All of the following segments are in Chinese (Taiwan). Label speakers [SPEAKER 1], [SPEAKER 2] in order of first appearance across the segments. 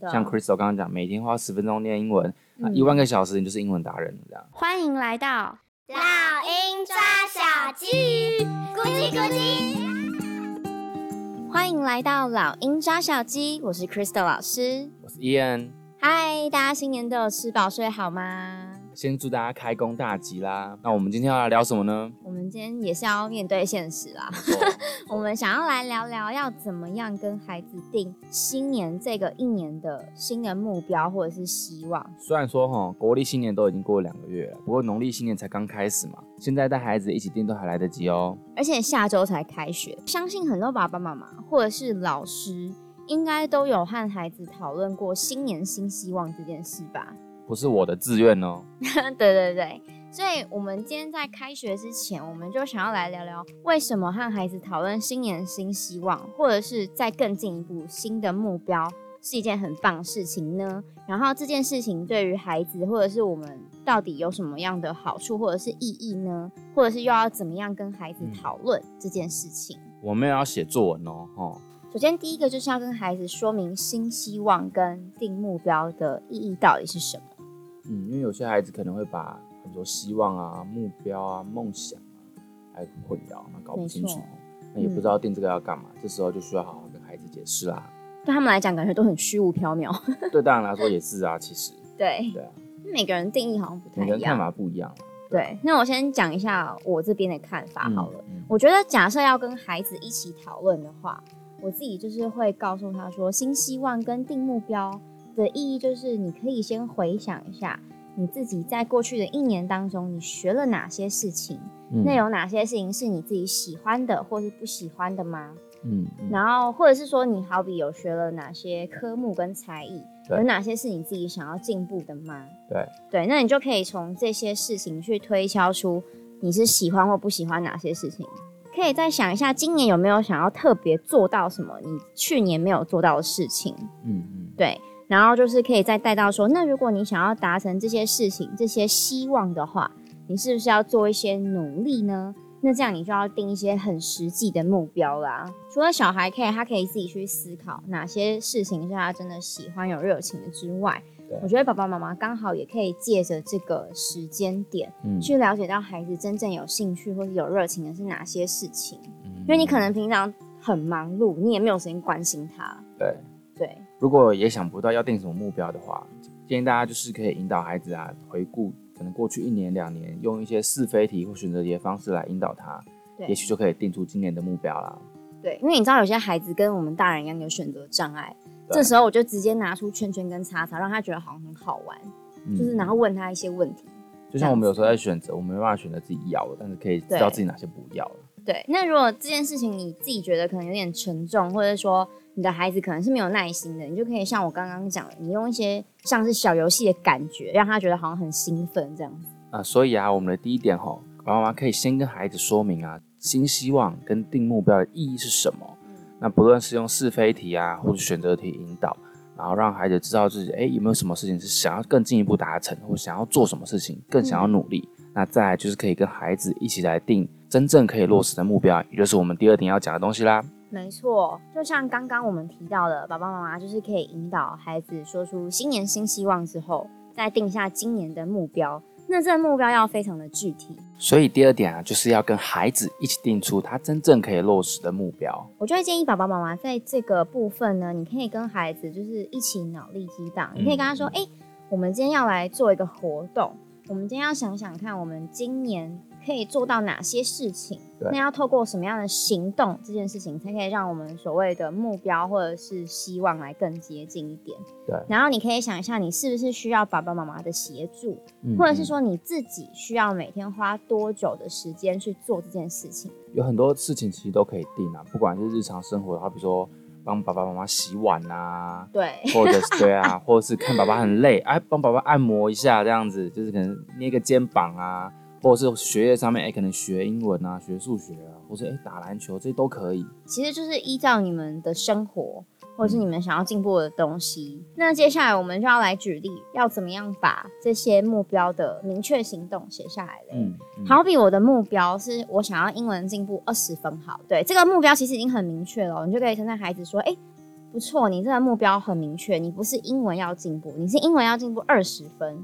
[SPEAKER 1] 對像
[SPEAKER 2] Crystal 剛剛講，每天花十分鐘念英文，啊嗯、一萬個小時你就是英文達人，這樣。
[SPEAKER 1] 歡迎來到老英抓小雞，咕嘰咕嘰。歡迎來到老英抓小雞，我是 Crystal 老師，我是 Ian、e。嗨，大家新年都有吃飽睡好嗎？
[SPEAKER 2] 先祝大家開工大吉啦！那我們今天要來聊什麼呢？
[SPEAKER 1] 我們今天也是要面對現實啦。沒錯， 我們想要來聊聊要怎麼樣跟孩子定新年這個一年的新年目標或者是希望。
[SPEAKER 2] 雖然說哈，國曆新年都已經過了兩個月了，不過農曆新年才剛開始嘛。現在帶孩子一起定都還來得及哦，喔。
[SPEAKER 1] 而且下周才開學，相信很多爸爸媽媽或者是老師應該都有和孩子討論過新年新希望這件事吧。
[SPEAKER 2] 不是我的自願哦。
[SPEAKER 1] 對對對，所以，我們今天在開學之前，我們就想要來聊聊，為什麼和孩子討論新年新希望，或者是再更進一步新的目標是一件很棒的事情呢？然後這件事情對於孩子或者是我們到底有什麼樣的好處，或者是意義呢？或者是又要怎麼樣跟孩子討論這件事情？
[SPEAKER 2] 我們要寫作文哦。哈、
[SPEAKER 1] 哦，首先第一個就是要跟孩子說明新希望跟定目標的意義到底是什麼。
[SPEAKER 2] 嗯，因為有些孩子可能會把，很多希望啊、目標啊、夢想啊，來混淆。那搞不清楚，沒錯，那也不知道定這個要幹嘛，嗯、這時候就需要好好跟孩子解釋啦。
[SPEAKER 1] 對他們來講，感覺都很虛無縹緲。
[SPEAKER 2] 對大人來說也是啊， 其實。
[SPEAKER 1] 對。對啊。每個人定義好像不太一樣。每個人
[SPEAKER 2] 看法不一樣、啊、
[SPEAKER 1] 對、對，那我先講一下我這邊的看法好了。嗯嗯、我覺得，假設要跟孩子一起討論的話，我自己就是會告訴他說，新希望跟定目標。的意義就是，你可以先回想一下你自己在過去的一年當中，你學了哪些事情？嗯、那有哪些事情是你自己喜歡的，或是不喜歡的嗎？嗯嗯，然後或者是說，你好比有學了哪些科目跟才藝？對有哪些是你自己想要進步的嗎？對，對，那你就可以從這些事情去推敲出你是喜歡或不喜歡哪些事情。可以再想一下，今年有沒有想要特別做到什麼？你去年沒有做到的事情？嗯嗯，對。然後就是可以再帶到說，那如果你想要達成這些事情、這些希望的話，你是不是要做一些努力呢？那這樣你就要定一些很實際的目標啦。除了小孩可以，他可以自己去思考哪些事情是他真的喜歡有熱情的之外，對我覺得爸爸媽媽剛好也可以借着這個時間點，去了解到孩子真正有興趣或是有熱情的是哪些事情。嗯、因為你可能平常很忙碌，你也沒有時間關心他。對對。對
[SPEAKER 2] 如果也想不到要定什麼目標的話，建議大家就是可以引導孩子啊，回顧可能過去一年兩年，用一些是非題或選擇題的方式來引導他，對，也許就可以定出今年的目標啦。
[SPEAKER 1] 對，因為你知道有些孩子跟我們大人一樣有選擇障礙，對這時候我就直接拿出圈圈跟叉叉，讓他覺得好像很好玩，嗯、就是然後問他一些問題。就像我們有時
[SPEAKER 2] 候在選擇，我們沒辦法選擇自己要的，但是可以知道自己哪些不要了。
[SPEAKER 1] 對，那如果這件事情你自己覺得可能有點沉重，或者說，你的孩子可能是沒有耐心的，你就可以像我剛剛講的，你用一些像是小遊戲的感覺，讓他覺得好像很興奮這樣子。
[SPEAKER 2] 啊、呃，所以啊，我們的第一點吼，爸爸媽媽可以先跟孩子說明啊，新希望跟定目標的意義是什麼。那不論是用是非題啊，或者選擇題引導，然後讓孩子知道自己哎有沒有什麼事情是想要更進一步達成，或想要做什麼事情更想要努力。嗯、那再來就是可以跟孩子一起來定真正可以落實的目標，也就是我們第二點要講的東西啦。
[SPEAKER 1] 沒錯，就像剛剛我們提到的，爸爸媽媽就是可以引導孩子說出新年新希望之後，再定下今年的目標。那這個目標要非常的具體。
[SPEAKER 2] 所以第二點啊，就是要跟孩子一起定出他真正可以落實的目標。
[SPEAKER 1] 我就會建議爸爸媽媽在這個部分呢，你可以跟孩子就是一起腦力激盪，你可以跟他說：“誒、嗯欸，我們今天要來做一個活動，我們今天要想想看，我們今年。”可以做到哪些事情？那要透過什麼樣的行動，對，這件事情才可以讓我們所謂的目標或者是希望來更接近一點。對。然後你可以想一下，你是不是需要爸爸媽媽的協助，嗯嗯，或者是說你自己需要每天花多久的時間去做這件事情？
[SPEAKER 2] 有很多事情其實都可以定啊，不管是日常生活的話，比如說幫爸爸媽媽洗碗啊，對，或者是對啊，或者是看爸爸很累，哎，啊，幫爸爸按摩一下，這樣子就是可能捏個肩膀啊。或者是學業上面哎、欸，可能學英文啊，學數學啊，或是哎、欸、打籃球，這些都可以。
[SPEAKER 1] 其實就是依照你們的生活，或者是你們想要進步的東西。嗯、那接下來我們就要來舉例，要怎麼樣把這些目標的明確行動寫下來嘞、嗯？嗯，好比我的目標是我想要英文進步二十分，好，對，這個目標其實已經很明確了。你就可以稱讚孩子說：“哎、欸，不錯，你這個目標很明確。你不是英文要進步，你是英文要進步二十分。”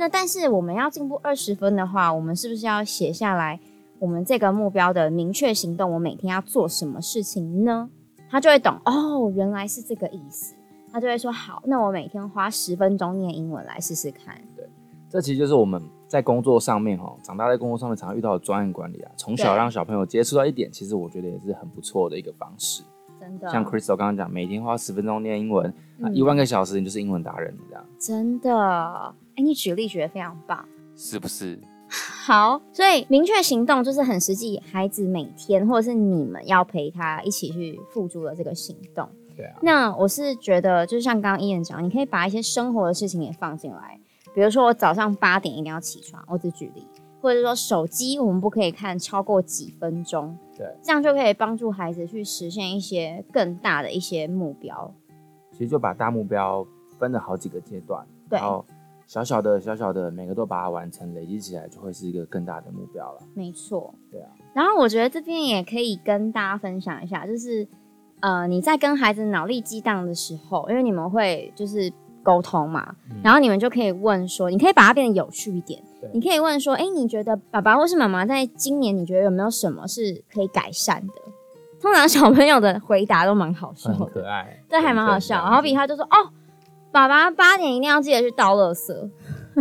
[SPEAKER 1] 那但是我們要進步二十分的話，我們是不是要寫下來我們這個目標的明確行動？我每天要做什麼事情呢？他就會懂哦，原來是這個意思。他就會說好，那我每天花十分鐘念英文來試試看。對，
[SPEAKER 2] 這其實就是我們在工作上面哦，長大在工作上面常常遇到的專案管理啊。從小讓小朋友接觸到一點，對其實我覺得也是很不錯的一個方式。
[SPEAKER 1] 真的，像 Crystal
[SPEAKER 2] 剛剛講，每天花十分鐘念英文，一、嗯、萬個小時你就是英文達人，這樣
[SPEAKER 1] 真的。給你舉例，覺得非常棒，是不是？好，所以明確行動就是很實際。孩子每天，或者是你們要陪他一起去付諸的這個行動。對啊。那我是覺得，就是像剛剛伊人講，你可以把一些生活的事情也放進來，比如說我早上八點一定要起床，我只舉例，或者說手機我們不可以看超過幾分鐘，對，這樣就可以幫助孩子去實現一些更大的一些目標。
[SPEAKER 2] 其實就把大目標分了好幾個階段，對。小小的小小的，每個都把它完成，累積起來就會是一個更大的目標了。
[SPEAKER 1] 沒錯，對啊。然後我覺得這邊也可以跟大家分享一下，就是，呃，你在跟孩子腦力激盪的時候，因為你們會就是溝通嘛，嗯、然後你們就可以問說，你可以把它變得有趣一點。對你可以問說，哎，你覺得爸爸或是媽媽在今年，你覺得有沒有什麼是可以改善的？通常小朋友的回答都蠻好笑的，很可愛，對，還蠻好笑。然後比他就說，對哦。爸爸，八點一定要記得去倒垃圾，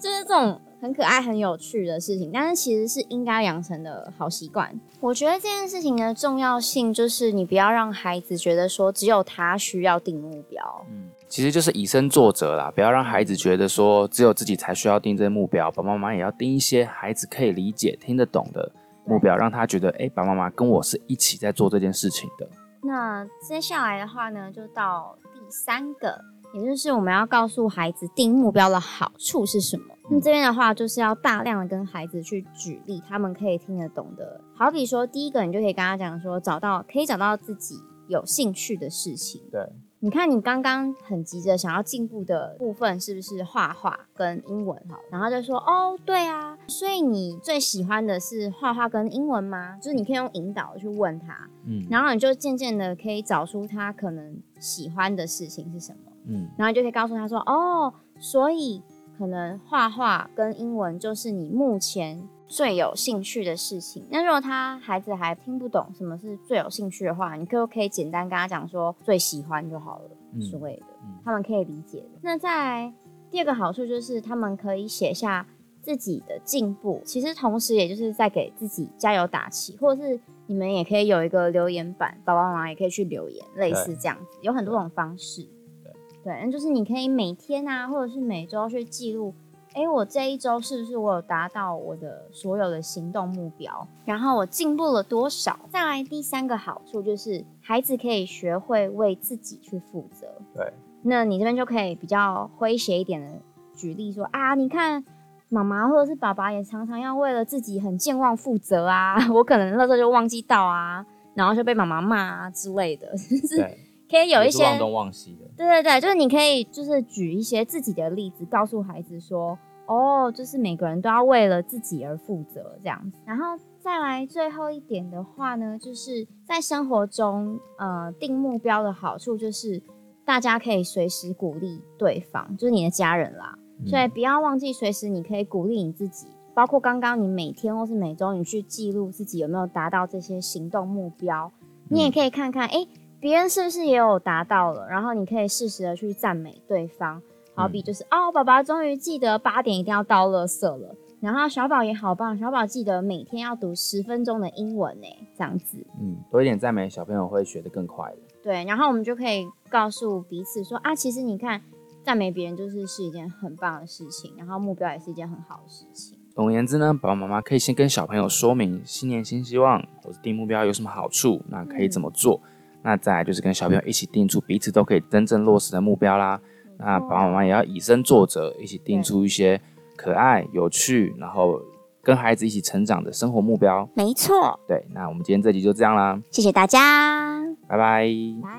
[SPEAKER 1] 就是這種很可愛、很有趣的事情。但是其實是應該養成的好習慣。我覺得這件事情的重要性，就是你不要讓孩子覺得說只有他需要定目標。嗯，
[SPEAKER 2] 其實就是以身作則啦，不要讓孩子覺得說只有自己才需要定這些目標。爸爸媽媽也要定一些孩子可以理解、聽得懂的目標，對讓他覺得哎，爸爸媽媽跟我是一起
[SPEAKER 1] 在做這件事情的。那接下來的話呢，就到。三個，也就是我們要告訴孩子定目標的好處是什麼。那、嗯、這邊的話，就是要大量的跟孩子去舉例，他們可以聽得懂的。好比說，第一個，你就可以跟他講說，找到可以找到自己有興趣的事情。對。你看，你剛剛很急着想要進步的部分是不是畫畫跟英文哈？然後就說哦，對啊，所以你最喜歡的是畫畫跟英文嗎？就是你可以用引導去問他，嗯，然後你就漸漸的可以找出他可能喜歡的事情是什麼，嗯，然後你就可以告訴他說哦，所以可能畫畫跟英文就是你目前。最有興趣的事情。那如果他孩子還聽不懂什麼是最有興趣的話，你可不可以簡單跟他講說最喜歡就好了，之類、嗯、的，嗯、他們可以理解的。那在第二個好處就是他們可以寫下自己的進步，其實同時也就是在給自己加油打氣，或者是你們也可以有一個留言板，爸爸媽媽也可以去留言，類似這樣子，對有很多種方式。對，對，那就是你可以每天啊，或者是每周去記錄。哎、欸，我這一周是不是我有達到我的所有的行動目標？然後我進步了多少？再來第三個好處就是，孩子可以學會為自己去負責。對，那你這邊就可以比較詼諧一點的舉例說啊，你看媽媽或者是爸爸也常常要為了自己很健忘負責啊，我可能那時候就忘記到啊，然後就被媽媽罵啊之類的，是。可以有一些忘東忘西的，對對對，就是你可以就是舉一些自己的例子，告訴孩子說，哦，就是每個人都要為了自己而負責這樣子。然後再來最後一點的話呢，就是在生活中，呃，定目標的好處就是大家可以隨時鼓勵對方，就是你的家人啦。嗯、所以不要忘記隨時你可以鼓勵你自己，包括剛剛你每天或是每周你去記錄自己有沒有達到這些行動目標，你也可以看看，哎、欸。別人是不是也有達到了？然後你可以適時的去讚美對方，好比就是、嗯、哦，寶寶終於記得八點一定要倒垃圾了。然後小寶也好棒，小寶記得每天要讀十分鐘的英文呢，這樣子，
[SPEAKER 2] 嗯，多一點讚美，小朋友會學得更快的。
[SPEAKER 1] 對，然後我們就可以告訴彼此說啊，其實你看，讚美別人就是是一件很棒的事情，然後目標也是一件很好的事情。
[SPEAKER 2] 總而言之呢，爸爸媽媽可以先跟小朋友說明新年新希望或是定目標有什麼好處，那可以怎麼做？嗯那再來就是跟小朋友一起定出彼此都可以真正落實的目標啦。沒錯。那爸爸媽媽也要以身作則，一起定出一些可愛、有趣，然後跟孩子一起成長的生活目標。沒錯。對，那我們今天這集就這樣啦，
[SPEAKER 1] 謝謝大家，拜拜 bye。拜。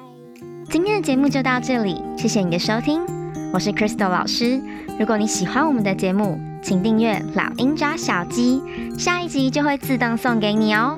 [SPEAKER 1] 今天的節目就到這裡，謝謝你的收聽，我是 Crystal 老師。如果你喜歡我們的節目，請訂閱《老英抓小雞》，下一集就會自動送給你哦。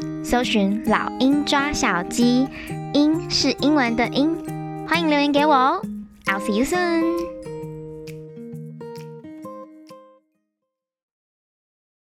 [SPEAKER 1] 搜尋“老英抓小雞”，“英”是英文的“英”。歡迎留言給我哦！I'll see you soon.